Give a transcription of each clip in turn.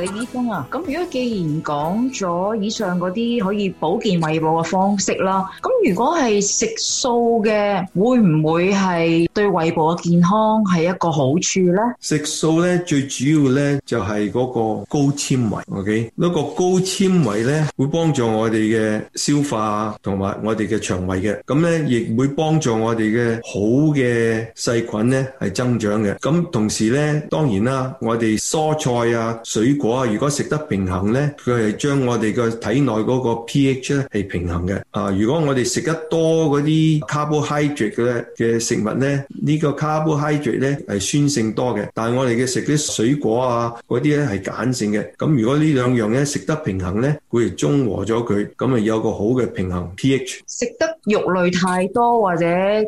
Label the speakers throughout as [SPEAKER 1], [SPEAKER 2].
[SPEAKER 1] 李醫生啊，咁如果既然講咗以上嗰啲可以保健胃部嘅方式啦。如果係食素嘅，會唔會係對胃部嘅健康係一個好處呢？
[SPEAKER 2] 食素呢，最主要呢就係嗰個高纖維，OK，嗰個高纖維呢會幫助我哋嘅消化同埋我哋嘅腸胃嘅，咁呢，亦會幫助我哋嘅好嘅細菌呢係增長嘅。咁同時呢，當然啦，我哋蔬菜啊、水果啊，如果食得平衡呢，佢係將我哋嘅體內嗰個 pH 咧係平衡嘅。啊，如果我哋。食得多嗰啲 carbohydrate 嘅嘅食物咧，呢個 carbohydrate 咧係酸性多嘅，但係我哋嘅食啲水果啊嗰啲咧係鹼性嘅。咁如果呢兩樣咧食得平衡咧，佢哋中和咗佢，咁啊有個好嘅平衡 pH。
[SPEAKER 1] 食得肉類太多或者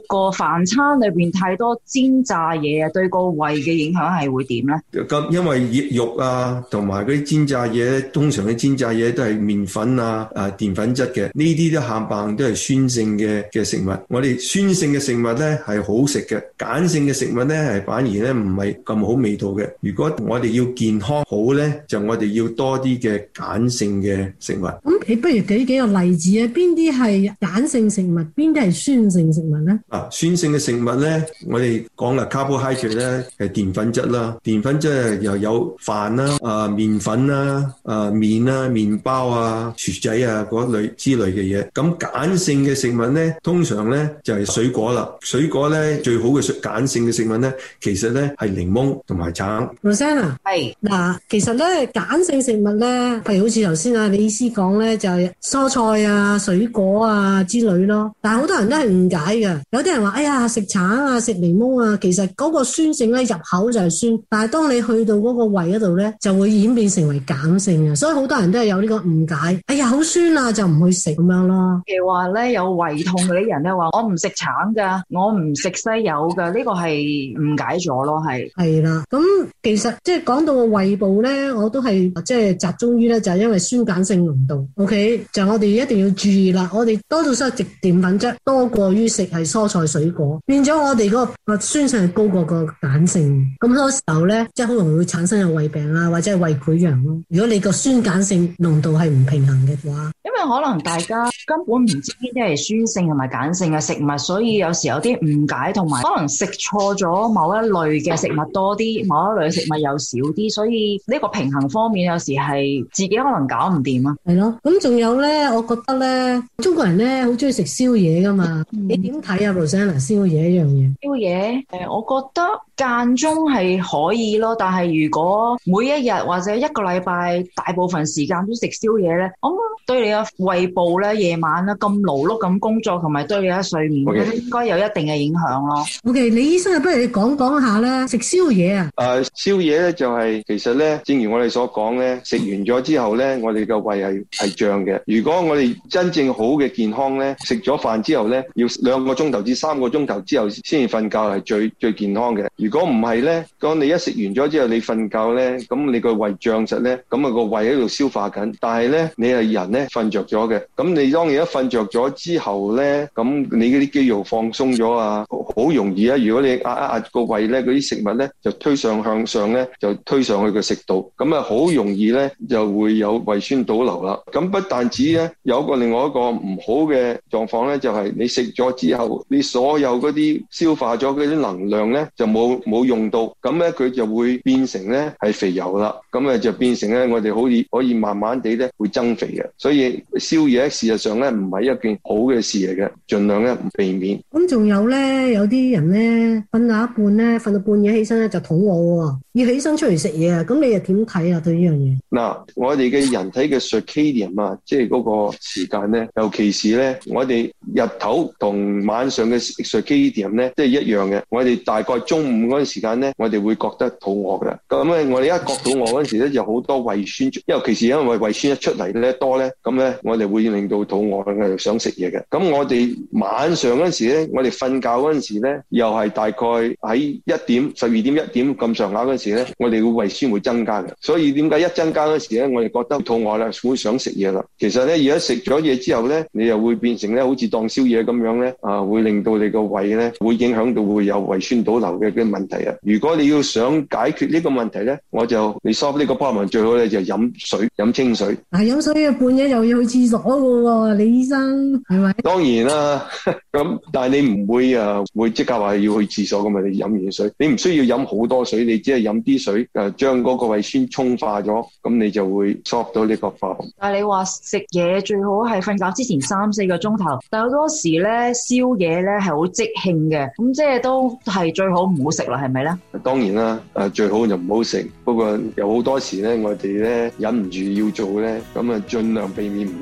[SPEAKER 1] 個飯餐裏邊太多煎炸嘢啊，對個胃嘅影響係會點咧？
[SPEAKER 2] 咁因為肉啊，同埋啲煎炸嘢咧，通常啲煎炸嘢都係麵粉啊誒澱粉質嘅，呢啲都冚棒都係酸。酸性嘅嘅食物，我哋酸性嘅食物咧係好食嘅，鹼性嘅食物咧係反而咧唔係咁好味道嘅。如果我哋要健康好咧，就我哋要多啲嘅鹼性嘅食物。
[SPEAKER 3] 咁你不如舉幾個例子啊？邊啲係鹼性食物，邊啲係酸性食物咧？
[SPEAKER 2] 啊，酸性嘅食物咧，我哋講嘅 carbohydrate 咧係澱粉質啦，澱粉質又有飯啦、啊、啊麵粉啦、啊、啊麵啊、麵包啊、薯仔啊嗰類之類嘅嘢。咁鹼性。嘅食物呢，通常呢就係、是、水果啦。水果呢最好嘅鹼性嘅食物呢，其實呢係檸檬同埋橙。
[SPEAKER 3] 盧生啊，係嗱，其實呢鹼性食物呢，譬如好似頭先啊李醫師講呢就係、是、蔬菜啊、水果啊之類咯。但係好多人都係誤解嘅，有啲人話：哎呀，食橙啊，食檸檬啊，其實嗰個酸性呢入口就係酸，但係當你去到嗰個胃嗰度呢，就會演變成為鹼性嘅。所以好多人都係有呢個誤解。哎呀，好酸啊，就唔去食咁樣咯。譬如
[SPEAKER 1] 話呢有胃痛嗰啲人咧話，我唔食橙噶，我唔食西柚噶，呢個係
[SPEAKER 3] 誤解咗咯，係係啦。咁其實即係講到個胃部咧，我都係即係集中於咧，就係因為酸鹼性濃度。OK，就我哋一定要注意啦，我哋多數食食澱粉質，多過於食係蔬菜水果，變咗我哋個個酸性係高過個鹼性，咁好多時候咧，即係好容易會產生有胃病啊，或者係胃潰瘍咯。如果你個酸鹼性濃度係唔平衡嘅話。
[SPEAKER 1] 可能大家根本唔知呢啲係酸性同埋鹼性嘅食物，所以有時候有啲誤解同埋可能食錯咗某一類嘅食物多啲，某一類嘅食物又少啲，所以呢個平衡方面有時係自己可能搞唔掂啊。
[SPEAKER 3] 係咯，咁仲有咧，我覺得咧，中國人咧好中意食宵夜噶嘛。你點睇啊盧 o s a n a 宵夜一樣嘢？
[SPEAKER 1] 宵夜誒，我覺得間中係可以咯，但係如果每一日或者一個禮拜大部分時間都食宵夜咧，咁對你嘅胃部咧，夜晚咧咁勞碌咁工作，同埋對你嘅睡眠，應該有一定嘅影響咯。
[SPEAKER 3] O.K.，李醫生啊，不如你講講下啦，食宵夜啊。
[SPEAKER 2] 誒，宵夜咧就係，其實咧，正如我哋所講咧，食完咗之後咧，我哋個胃係係脹嘅。如果我哋真正好嘅健康咧，食咗飯之後咧，要兩個鐘頭至三個鐘頭之後先至瞓覺係最最健康嘅。如果唔係咧，當你一食完咗之後你瞓覺咧，咁你個胃脹實咧，咁啊個胃喺度消化緊，但係咧你係人咧瞓著咗嘅，咁你當然一瞓着咗之後咧，咁你嗰啲肌肉放鬆咗啊，好容易啊！如果你壓壓壓個胃咧，嗰啲食物咧就推上向上咧，就推上去個食道，咁啊好容易咧就會有胃酸倒流啦。咁不但止咧有個另外一個唔好嘅狀況咧，就係你食咗之後，你所有嗰啲消化咗嗰啲能量咧就冇冇用到，咁咧佢就會變成咧係肥油啦。咁啊就變成咧我哋可以可以慢慢地咧會增肥嘅，所以。宵夜事實上咧唔係一件好嘅事嚟嘅，儘量咧避免。
[SPEAKER 3] 咁仲有咧，有啲人咧瞓下一半咧，瞓到半夜起身咧就肚餓喎，要起身出嚟食嘢啊！咁你又點睇啊？對呢樣嘢？
[SPEAKER 2] 嗱，我哋嘅人體嘅 circadian 啊，即係嗰個時間咧，尤其是咧，我哋日頭同晚上嘅 circadian 咧，即係一樣嘅。我哋大概中午嗰陣時間咧，我哋會覺得肚餓㗎啦。咁咧，我哋一覺到餓嗰陣時咧，就好多胃酸，尤其是因為胃酸一出嚟咧多咧，咁咧。我哋會令到肚餓，我哋想食嘢嘅。咁我哋晚上嗰陣時咧，我哋瞓覺嗰陣時咧，又係大概喺一點、十二點、一點咁上下嗰陣時咧，我哋個胃酸會增加嘅。所以點解一增加嗰陣時咧，我哋覺得肚餓啦，會想食嘢啦。其實咧，而家食咗嘢之後咧，你又會變成咧，好似當宵夜咁樣咧，啊，會令到你個胃咧，會影響到會有胃酸倒流嘅嘅問題啊。如果你要想解決呢個問題咧，我就你 solve 呢個 problem 最好咧就係、飲水，飲清水。係
[SPEAKER 3] 飲、啊、水半夜又要廁
[SPEAKER 2] 所嘅喎，李醫生係咪？是當然啦，咁但係你唔會啊，會即刻話要去廁所嘅嘛？你飲完水，你唔需要飲好多水，你只係飲啲水誒，將嗰個胃酸沖化咗，咁你就會 soft 到呢個化學。
[SPEAKER 1] 但係你話食嘢最好係瞓覺之前三四個鐘頭，但好多時咧宵夜咧係好即興嘅，咁即係都係最好唔好食啦，係咪咧？
[SPEAKER 2] 當然啦，誒最好就唔好食。不過有好多時咧，我哋咧忍唔住要做咧，咁啊盡量避免唔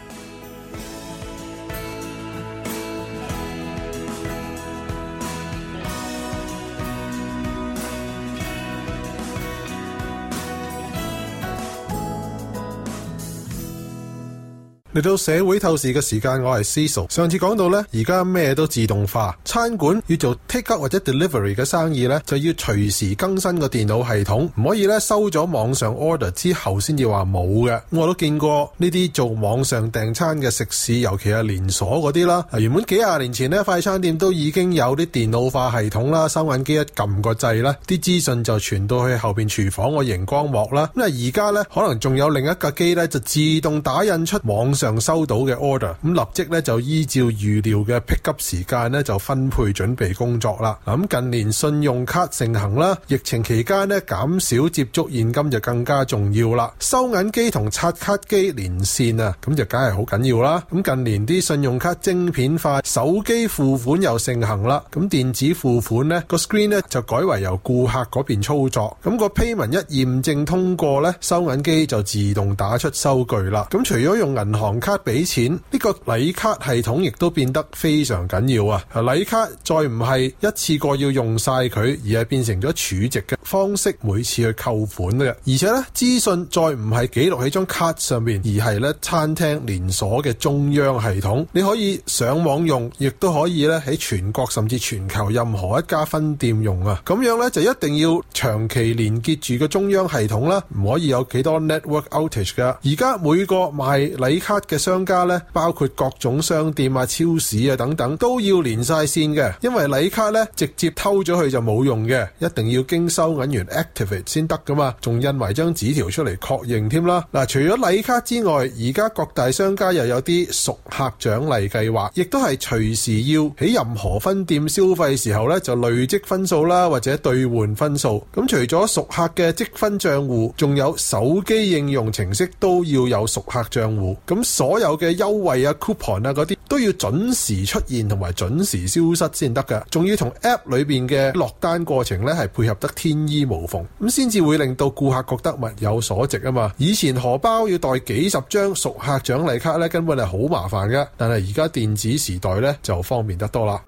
[SPEAKER 4] 嚟到社會透視嘅時間，我係 Ciso。上次講到呢，而家咩都自動化，餐館要做 take out 或者 delivery 嘅生意呢，就要隨時更新個電腦系統，唔可以呢，收咗網上 order 之後先至話冇嘅。我都見過呢啲做網上訂餐嘅食肆，尤其係連鎖嗰啲啦。原本幾廿年前呢，快餐店都已經有啲電腦化系統啦，收銀機一撳個掣啦，啲資訊就傳到去後邊廚房個熒光幕啦。咁而家呢，可能仲有另一架機呢，就自動打印出網。上收到嘅 order，咁立即咧就依照預料嘅 pick up 時間咧就分配準備工作啦。咁近年信用卡盛行啦，疫情期間咧減少接觸現金就更加重要啦。收銀機同刷卡機連線啊，咁就梗係好緊要啦。咁近年啲信用卡晶片化，手機付款又盛行啦。咁電子付款咧個 screen 咧就改為由顧客嗰邊操作，咁個 payment 一驗證通過咧，收銀機就自動打出收據啦。咁除咗用銀行卡俾錢，呢個禮卡系統亦都變得非常緊要啊！禮卡再唔係一次過要用晒佢，而係變成咗儲值嘅方式，每次去扣款嘅。而且咧，資訊再唔係記錄喺張卡上面，而係咧餐廳連鎖嘅中央系統。你可以上網用，亦都可以咧喺全國甚至全球任何一家分店用啊！咁樣咧就一定要長期連結住個中央系統啦，唔可以有幾多 network outage 噶。而家每個賣禮卡嘅商家咧，包括各種商店啊、超市啊等等，都要連晒線嘅，因為禮卡咧直接偷咗去就冇用嘅，一定要經收銀員 activate 先得噶嘛，仲印埋張紙條出嚟確認添啦。嗱、啊，除咗禮卡之外，而家各大商家又有啲熟客獎勵計劃，亦都係隨時要喺任何分店消費時候咧就累積分數啦，或者兌換分數。咁、啊、除咗熟客嘅積分賬戶，仲有手機應用程式都要有熟客賬戶。咁、啊所有嘅優惠啊、coupon 啊嗰啲都要準時出現同埋準時消失先得㗎，仲要同 app 裏面嘅落單過程咧係配合得天衣無縫，咁先至會令到顧客覺得物有所值啊嘛。以前荷包要袋幾十張熟客獎勵卡咧，根本係好麻煩嘅，但係而家電子時代咧就方便得多啦。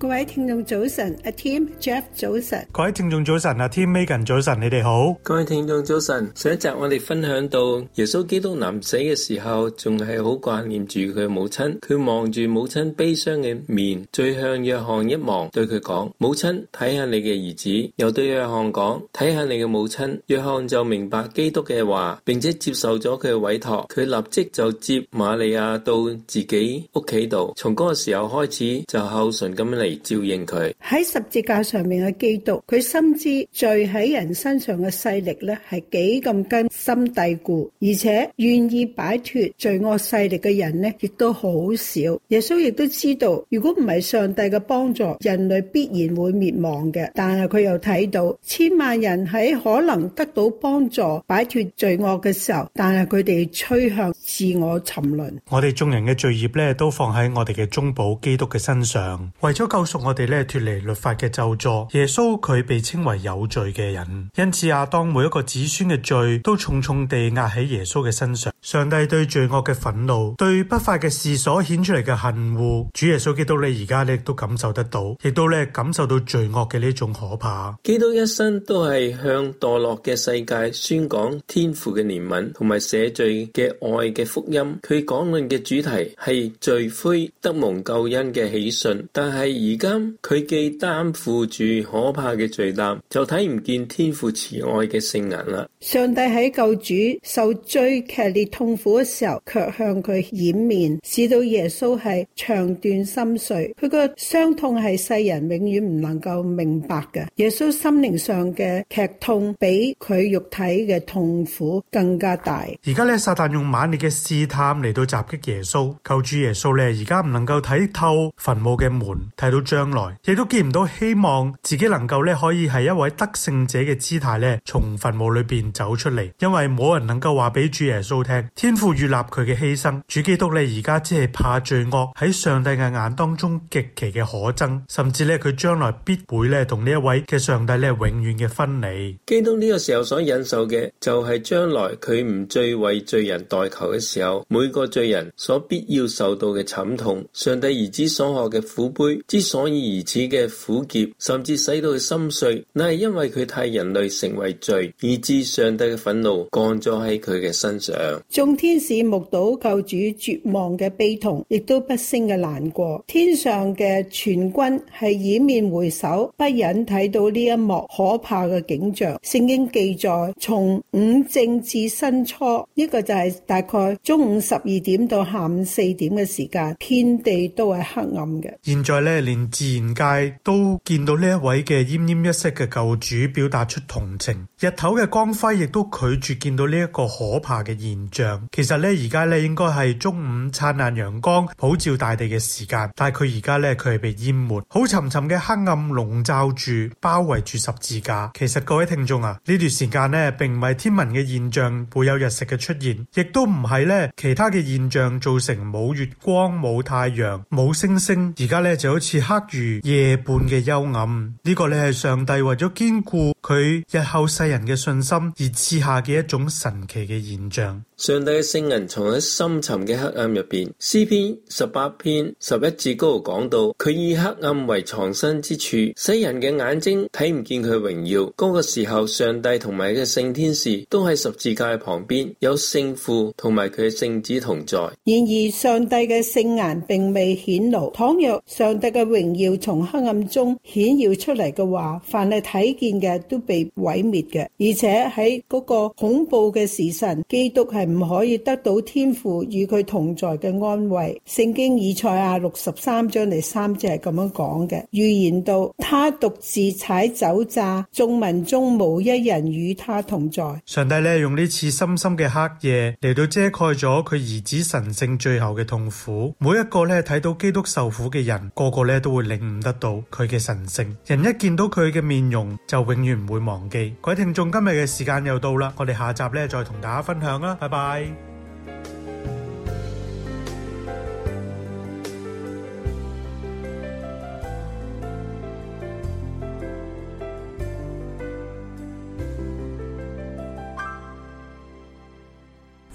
[SPEAKER 5] 各位聽眾早晨，阿添 Jeff 早晨，各位
[SPEAKER 6] 聽眾早晨，阿添 Megan 早晨，你哋好，
[SPEAKER 7] 各位聽眾早晨。上一集我哋分享到，耶穌基督臨死嘅時候，仲係好掛念住佢母親，佢望住母親悲傷嘅面，再向約翰一望，對佢講：母親，睇下你嘅兒子。又對約翰講：睇下你嘅母親。約翰就明白基督嘅話，並且接受咗佢嘅委託，佢立即就接瑪利亞到自己屋企度，從嗰個時候開始就孝順咁樣嚟，照應佢
[SPEAKER 5] 喺十字架上面嘅基督，佢深知罪喺人身上嘅勢力呢係幾咁根深蒂固，而且願意擺脫罪惡勢力嘅人呢，亦都好少。耶穌亦都知道，如果唔係上帝嘅幫助，人類必然會滅亡嘅。但係佢又睇到千萬人喺可能得到幫助擺脫罪惡嘅時候，但係佢哋趨向自我沉淪。
[SPEAKER 6] 我哋眾人嘅罪孽呢，都放喺我哋嘅中保基督嘅身上，為咗救。我哋咧脫離律法嘅咒詛，耶穌佢被稱為有罪嘅人，因此，亞當每一個子孫嘅罪都重重地壓喺耶穌嘅身上。上帝對罪惡嘅憤怒，對不法嘅事所顯出嚟嘅恨惡，主耶穌基督你而家咧都感受得到，亦都咧感受到罪惡嘅呢種可怕。
[SPEAKER 7] 基督一生都係向墮落嘅世界宣講天父嘅憐憫，同埋赦罪嘅愛嘅福音。佢講論嘅主題係罪悔得蒙救恩嘅喜訊，但係而。而今佢既擔負住可怕嘅罪擔，就睇唔見天父慈愛嘅聖顏啦。
[SPEAKER 5] 上帝喺救主受最劇烈痛苦嘅時候，卻向佢掩面，使到耶穌係腸斷心碎。佢個傷痛係世人永遠唔能夠明白嘅。耶穌心靈上嘅劇痛，比佢肉體嘅痛苦更加大。而
[SPEAKER 6] 家咧，撒旦用猛烈嘅試探嚟到襲擊耶穌，救主耶穌咧，而家唔能夠睇透墳墓嘅門，睇到。將來亦都見唔到，希望自己能夠咧可以係一位得勝者嘅姿態咧，從墳墓裏邊走出嚟。因為冇人能夠話俾主耶穌聽，天父預立佢嘅犧牲。主基督，咧而家只係怕罪惡喺上帝嘅眼當中極其嘅可憎，甚至咧佢將來必會咧同呢一位嘅上帝咧永遠嘅分離。
[SPEAKER 7] 基督呢個時候所忍受嘅，就係將來佢唔再為罪人代求嘅時候，每個罪人所必要受到嘅慘痛。上帝兒子所學嘅苦杯，之。所以如此嘅苦澀甚至使到佢心碎，乃係因為佢替人類成為罪，以致上帝嘅憤怒降咗喺佢嘅身
[SPEAKER 5] 上。眾天使目睹救主絕望嘅悲痛，亦都不勝嘅難過。天上嘅全軍係掩面回首，不忍睇到呢一幕可怕嘅景象。聖經記載，從午正至申初，呢個就係大概中午十二點到下午四點嘅時間，遍地都係黑暗嘅。
[SPEAKER 6] 現在呢。連。自然界都見到呢一位嘅奄奄一息嘅救主，表達出同情。日頭嘅光輝亦都拒絕見到呢一個可怕嘅現象。其實呢，而家呢應該係中午燦爛陽光普照大地嘅時間，但係佢而家呢，佢係被淹沒，好沉沉嘅黑暗籠罩住、包圍住十字架。其實各位聽眾啊，呢段時間呢並唔係天文嘅現象會有日食嘅出現，亦都唔係呢其他嘅現象造成冇月光、冇太陽、冇星星。而家呢就好似。黑如夜半嘅幽暗，呢個你係上帝為咗堅固佢日後世人嘅信心而賜下嘅一種神奇嘅現象。
[SPEAKER 7] 上帝嘅聖顏藏喺深沉嘅黑暗入邊。詩篇十八篇十一至高講到，佢以黑暗為藏身之處，使人嘅眼睛睇唔見佢榮耀。嗰個時候，上帝同埋佢嘅聖天使都喺十字架嘅旁邊，有聖父同埋佢嘅聖子同在。
[SPEAKER 5] 然而，上帝嘅聖顏並未顯露。倘若上帝嘅榮要從黑暗中顯耀出嚟嘅話，凡係睇見嘅都被毀滅嘅，而且喺嗰個恐怖嘅時辰，基督係唔可以得到天父與佢同在嘅安慰。聖經以賽亞六十三章第三節係咁樣講嘅，預言到他獨自踩酒榨，眾民中無一人與他同在。
[SPEAKER 6] 上帝咧用呢次深深嘅黑夜嚟到遮蓋咗佢兒子神聖最後嘅痛苦，每一個咧睇到基督受苦嘅人，個個咧。都會領悟得到佢嘅神聖，人一見到佢嘅面容就永遠唔會忘記。各位聽眾今日嘅時間又到啦，我哋下集咧再同大家分享啦，拜拜。